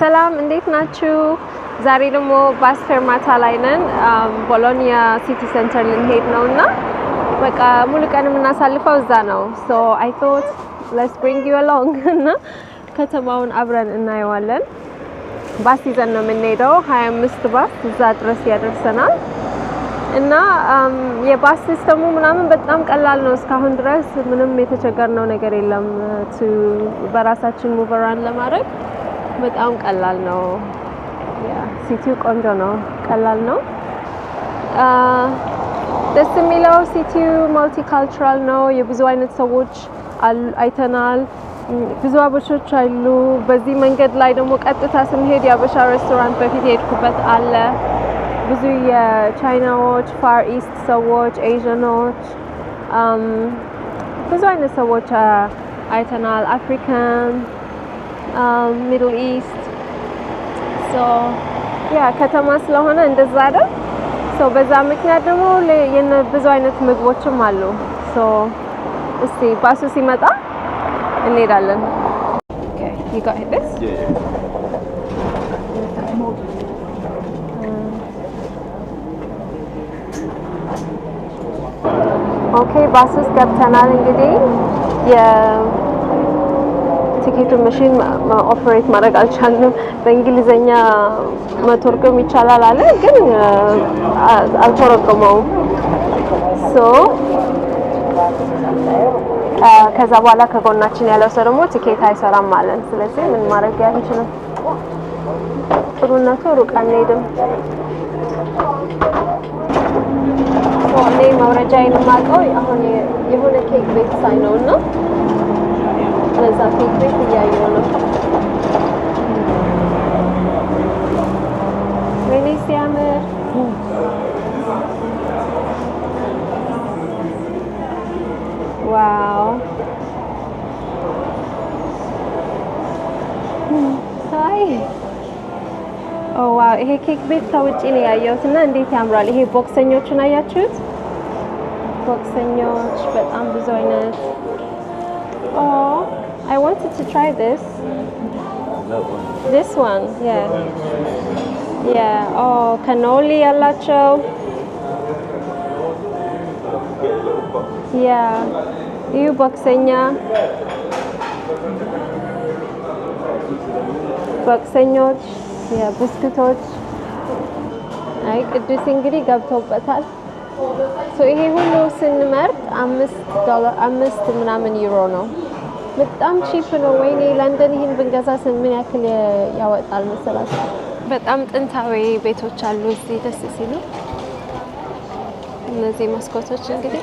ሰላም እንዴት ናችሁ? ዛሬ ደግሞ ባስ ፌርማታ ላይ ነን። ቦሎኒያ ሲቲ ሴንተር ልንሄድ ነው እና በቃ ሙሉ ቀን የምናሳልፈው እዛ ነው። ሶ አይ ቶት ሌትስ ብሪንግ ዩ አሎንግ እና ከተማውን አብረን እናየዋለን። ባስ ይዘን ነው የምንሄደው። 25 ባስ እዛ ድረስ ያደርሰናል እና የባስ ሲስተሙ ምናምን በጣም ቀላል ነው። እስካሁን ድረስ ምንም የተቸገርነው ነገር የለም። በራሳችን ሙቨራን ለማድረግ በጣም ቀላል ነው። ሲቲው ቆንጆ ነው፣ ቀላል ነው። ደስ የሚለው ሲቲው ማልቲ ካልቸራል ነው። የብዙ አይነት ሰዎች አይተናል። ብዙ አበሾች አሉ። በዚህ መንገድ ላይ ደግሞ ቀጥታ ስንሄድ የአበሻ ሬስቶራንት በፊት የሄድኩበት አለ። ብዙ የቻይናዎች፣ ፋር ኢስት ሰዎች፣ ኤዥኖች፣ ብዙ አይነት ሰዎች አይተናል። አፍሪካን ሚድል ኢስት ሶ ያ ከተማ ስለሆነ እንደዛ አይደል? ሶ በዛ ምክንያት ደግሞ ብዙ አይነት ምግቦችም አሉ። ሶ እስቲ ባሱ ሲመጣ እንሄዳለን። ኦኬ ዩ ጋት ዲስ ኦኬ ባስ ውስጥ ገብተናል። እንግዲህ የቲኬቱን መሽን ኦፕሬት ማድረግ አልቻልንም። በእንግሊዘኛ መተርጎም ይቻላል አለ፣ ግን አልተረጎመውም። ሶ ከዛ በኋላ ከጎናችን ያለው ሰው ደግሞ ቲኬት አይሰራም አለን። ስለዚህ ምን ማድረግ ያልችልም። ጥሩነቱ ሩቅ አንሄድም። እኔ መውረጃዬን የማውቀው አሁን የሆነ ኬክ ቤት ሳይ ነው እና ለዛ ፊት ቤት እያየው ነው። ወይኔ ሲያምር ዋው! አይ ዋው! ይሄ ኬክ ቤት ከውጭ ነው ያየሁት እና እንዴት ያምራል! ይሄ ቦክሰኞቹን አያችሁት? ቦክሰኞች በጣም ብዙ አይነት I wanted to try this. This one, yeah. Yeah, oh, cannoli al Yeah, you boxenya. Boxenyot, yeah, biscuitot. I could do singiri gabto batal. So, he will lose in the mert, I missed dollar, I missed the euro በጣም ቺፕ ነው። ወይኔ ለንደን ይህን ብንገዛ ምን ያክል ያወጣል መሰላችሁ? በጣም ጥንታዊ ቤቶች አሉ እዚህ ደስ ሲሉ እነዚህ መስኮቶች እንግዲህ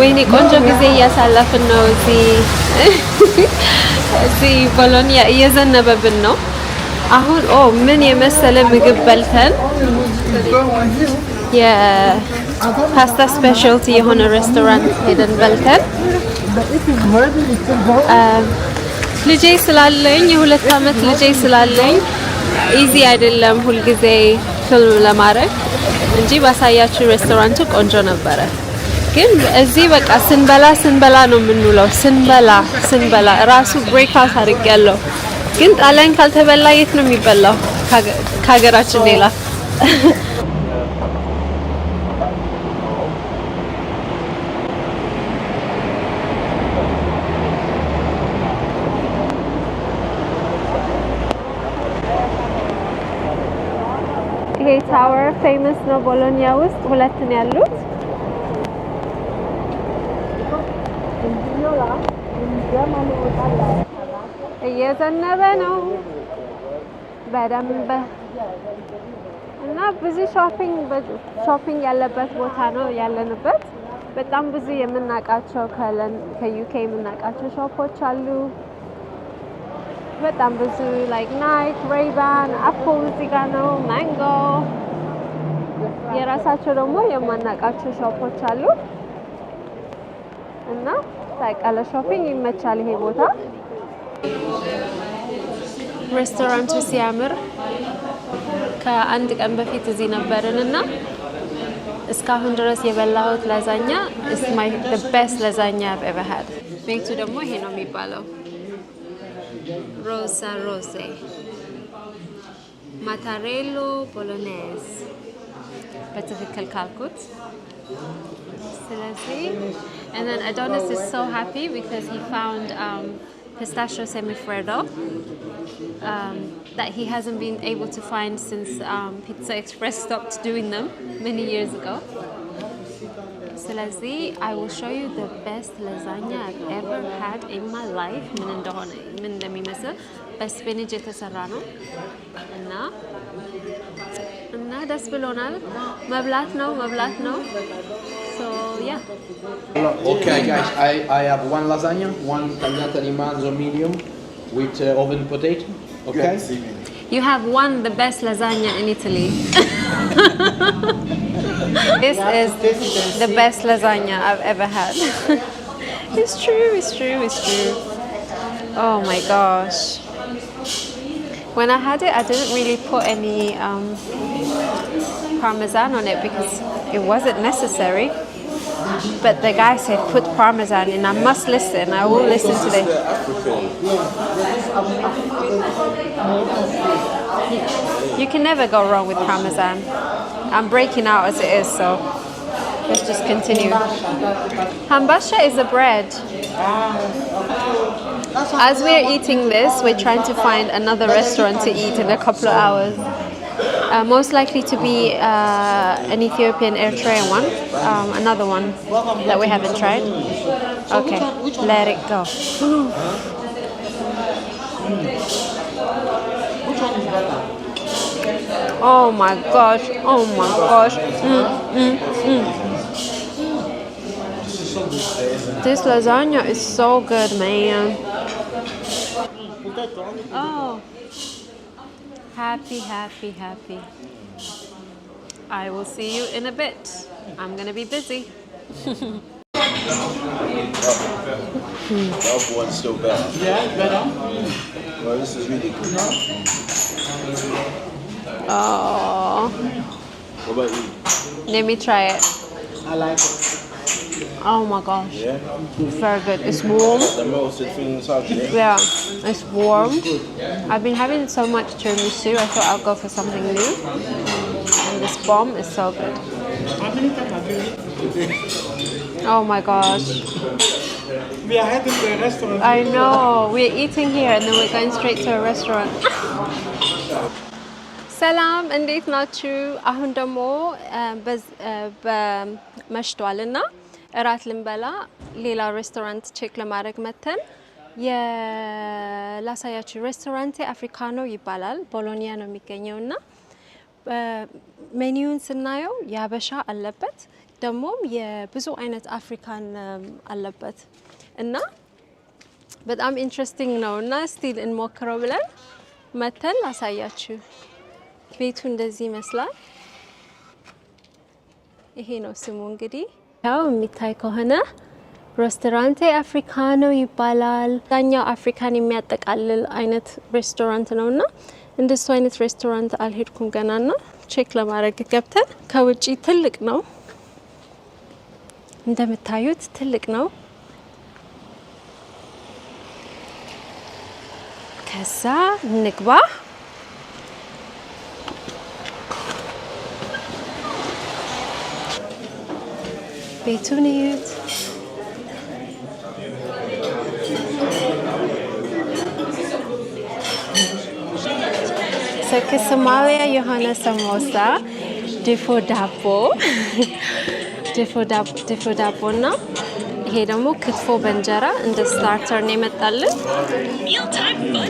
ወይኔ ቆንጆ ጊዜ እያሳለፍን ነው። እዚህ ቦሎኒያ እየዘነበብን ነው አሁን። ኦ ምን የመሰለ ምግብ በልተን የፓስታ ስፔሻልቲ የሆነ ሬስቶራንት ሄደን በልተን ልጄ ስላለኝ የሁለት ዓመት ልጄ ስላለኝ ኢዚ አይደለም ሁልጊዜ ፊልም ለማድረግ እንጂ ባሳያችሁ ሬስቶራንቱ ቆንጆ ነበረ። ግን እዚህ በቃ ስንበላ ስንበላ ነው የምንውለው። ስንበላ ስንበላ ራሱ ብሬክፋስት አድርግ ያለው ግን ጣሊያን ካልተበላ የት ነው የሚበላው? ከሀገራችን ሌላ ይሄ ታወር ፌመስ ነው ቦሎኒያ ውስጥ ሁለት ነው ያሉት። እየዘነበ ነው በደንብ እና ብዙ ሾፒንግ ያለበት ቦታ ነው ያለንበት። በጣም ብዙ የምናውቃቸው ከዩኬ የምናውቃቸው ሾፖች አሉ። በጣም ብዙ ላይክ ናይክ፣ ሬይባን፣ አፕል እዚህ ጋር ነው ማንጎ። የራሳቸው ደግሞ የማናውቃቸው ሾፖች አሉ እና በቃ ሾፒንግ ይመቻል ይሄ ቦታ። ሬስቶራንቱ ሲያምር ከአንድ ቀን በፊት እዚህ ነበርን እና እስካሁን ድረስ የበላሁት ላዛኛ ኢስ ማይ ዘ ቤስት ላዛኛ ኤቨር ሃድ። ቤቱ ደግሞ ይሄ ነው የሚባለው ሮዛ ሮዜ ማታሬሎ ቦሎኔዝ በትክክል ካልኩት። ስለዚህ And then Adonis is so happy because he found um, pistachio semifreddo um, that he hasn't been able to find since um, Pizza Express stopped doing them many years ago. ስለዚህ I will show you the best lasagna I've ever had in my life ምን እንደሆነ ምን እንደሚመስል በስፔንጅ የተሰራ ነው እና እና ደስ ብሎናል። መብላት ነው መብላት no. So yeah. Okay, guys, I, I have one lasagna, one tagliata di manzo medium with uh, oven potato. Okay. You have won the best lasagna in Italy. this is the best lasagna I've ever had. it's true, it's true, it's true. Oh my gosh. When I had it, I didn't really put any um, parmesan on it because it wasn't necessary. But the guy said, put parmesan in. I must listen. I will listen to this. You can never go wrong with parmesan. I'm breaking out as it is, so let's just continue. Hambasha is a bread. As we are eating this, we're trying to find another restaurant to eat in a couple of hours. Uh, most likely to be uh, an Ethiopian Eritrean one, um, another one that we haven't tried. Okay, let it go. Oh my gosh, oh my gosh. Mm, mm, mm. This lasagna is so good, man. Oh. Happy, happy, happy. I will see you in a bit. I'm going to be busy. Love one's still better. Yeah, better. Well, this is really good. Oh, What about you? let me try it. I like it. Oh my gosh. Yeah. Very good. It's warm. The most it feels yeah. yeah, it's warm. I've been having so much tiramisu, I thought I'll go for something new. And this bomb is so good. Oh my gosh. We are heading to a restaurant. I know. We're eating here and then we're going straight to a restaurant. Salam انت ناتشو اهندمو بز بمشتو علينا እራት ልንበላ ሌላ ሬስቶራንት ቼክ ለማድረግ መተን የላሳያችሁ ሬስቶራንት አፍሪካኖ ይባላል። ቦሎኒያ ነው የሚገኘው እና ሜኒውን ስናየው የአበሻ አለበት፣ ደግሞም የብዙ አይነት አፍሪካን አለበት እና በጣም ኢንትረስቲንግ ነው እና ስቲል እንሞክረው ብለን መተን ላሳያችሁ። ቤቱ እንደዚህ ይመስላል። ይሄ ነው ስሙ እንግዲህ ያው የሚታይ ከሆነ ሬስቶራንቴ አፍሪካኖ ይባላል። ዛኛው አፍሪካን የሚያጠቃልል አይነት ሬስቶራንት ነው እና እንደሱ አይነት ሬስቶራንት አልሄድኩም ገና ና ቼክ ለማድረግ ገብተን ከውጪ ትልቅ ነው እንደምታዩት ትልቅ ነው። ከዛ ንግባ ቤቱን እዩት። ከሶማሊያ የሆነ ሰሞሳ፣ ድፎ ዳቦ ድፎ ዳቦ እና ይሄ ደግሞ ክትፎ በእንጀራ እንደ ስታርተር ነው የመጣልን።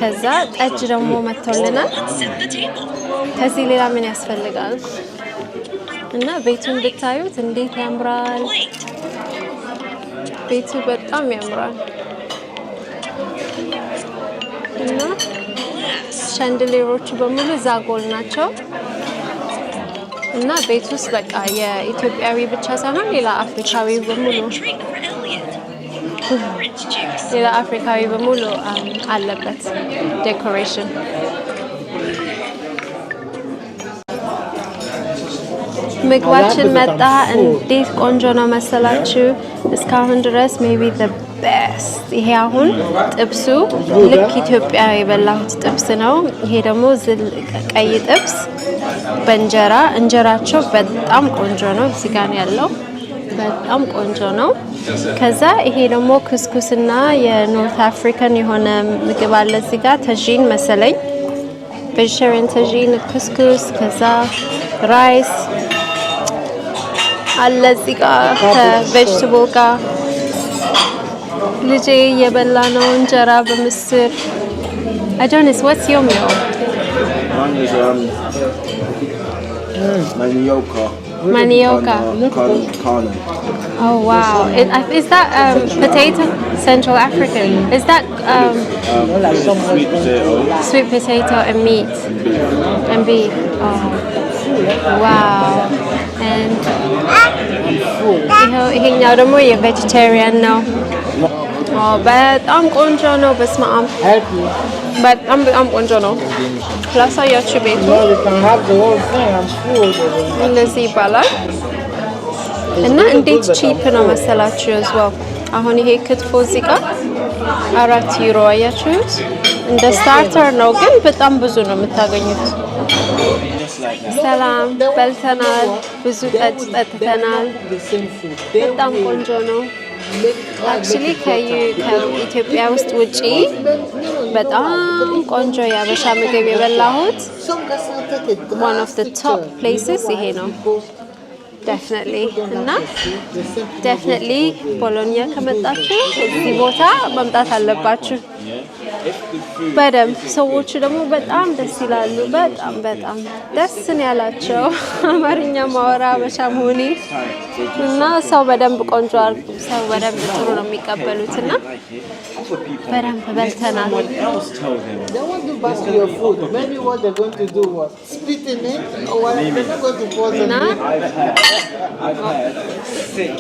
ከዛ ጠጅ ደግሞ መጥቶልናል። ከዚህ ሌላ ምን ያስፈልጋል? እና ቤቱን ብታዩት እንዴት ያምራል! ቤቱ በጣም ያምራል እና ሻንድሌሮቹ በሙሉ ዛጎል ናቸው እና ቤት ውስጥ በቃ የኢትዮጵያዊ ብቻ ሳይሆን ሌላ አፍሪካዊ በሙሉ ሌላ አፍሪካዊ በሙሉ አለበት ዴኮሬሽን ምግባችን መጣ። እንዴት ቆንጆ ነው መሰላችሁ! እስካሁን ድረስ ሜቢ ቤስት። ይሄ አሁን ጥብሱ ልክ ኢትዮጵያ የበላሁት ጥብስ ነው። ይሄ ደግሞ ቀይ ጥብስ በእንጀራ እንጀራቸው በጣም ቆንጆ ነው። እዚህ ያለው በጣም ቆንጆ ነው። ከዛ ይሄ ደግሞ ክስኩስና የኖርት አፍሪካን የሆነ ምግብ አለ እዚህ ጋር መሰለኝ ቬጀቴሪያን ተዥን ክስኩስ ከዛ ራይስ अलसी का वेजिटेबल का लीजिए ये बल्ला नून जराब मिस्र Adonis, what's your meal? Mine is um, manioca. Manioca. Kana. Uh, oh wow! Uh, is that um, potato? Central African. Is that um, um sweet potato? Sweet potato and meat and beef. Oh. Wow. Ah. ይሄኛው ደግሞ የቬጂቴሪያን ነው። በጣም ቆንጆ ነው። በስመ አብ በጣም በጣም ቆንጆ ነው። ላሳያችሁ ቤቱ እንደዚህ ይባላል እና እንዴት ቺፕ ነው መሰላችሁ ዝዋው አሁን ይሄ ክትፎ እዚህ ጋር አራት ዩሮ አያችሁት። እንደ ስታርተር ነው ግን በጣም ብዙ ነው የምታገኙት። ሰላም በልተናል፣ ብዙ ጠጅ ጠጥተናል። በጣም ቆንጆ ነው። አክቹሊ ከኢትዮጵያ ውስጥ ውጪ በጣም ቆንጆ የአበሻ ምግብ የበላሁት ዋን ኦፍ ቶፕ ፕሌስስ ይሄ ነው። ደፍነትሊ እና ደፍነትሊ ቦሎኛ ከመጣችሁ እዚህ ቦታ መምጣት አለባችሁ። በደንብ ሰዎቹ ደግሞ በጣም ደስ ይላሉ። በጣም በጣም ደስ ነው ያላቸው አማርኛ ማወራ አበሻ መሆኔ እና ሰው በደንብ ቆንጆ አድርጉ። ሰው በደንብ ጥሩ ነው የሚቀበሉት እና በደንብ በልተናል። oh, እና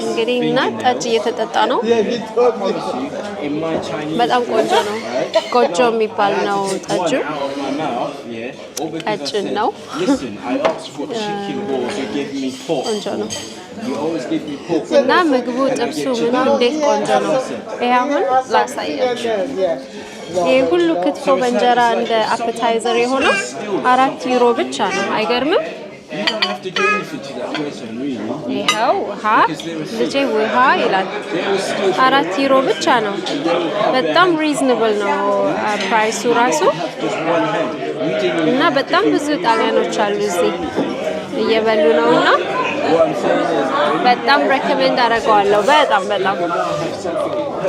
እንግዲህ እና ጠጅ እየተጠጣ ነው። በጣም ቆንጆ ነው። ጎጆ የሚባል ነው ጠጁ። ቀጭን ነው። ቆንጆ ነው እና ምግቡ ጥብሱ፣ ምኑ እንዴት ቆንጆ ነው። ይሄ አሁን ላሳያችሁ። ይህ ሁሉ ክትፎ በእንጀራ እንደ አፕታይዘር የሆነው አራት ዩሮ ብቻ ነው። አይገርምም? ይኸው ውሃ ልጄ ውሃ ይላል። አራት ዩሮ ብቻ ነው። በጣም ሪዝንብል ነው ፕራይሱ ራሱ እና በጣም ብዙ ጣሊያኖች አሉ እዚህ እየበሉ ነው እና በጣም ሬኮሜንድ አደርገዋለሁ። በጣም በጣም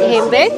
ይሄን ቤት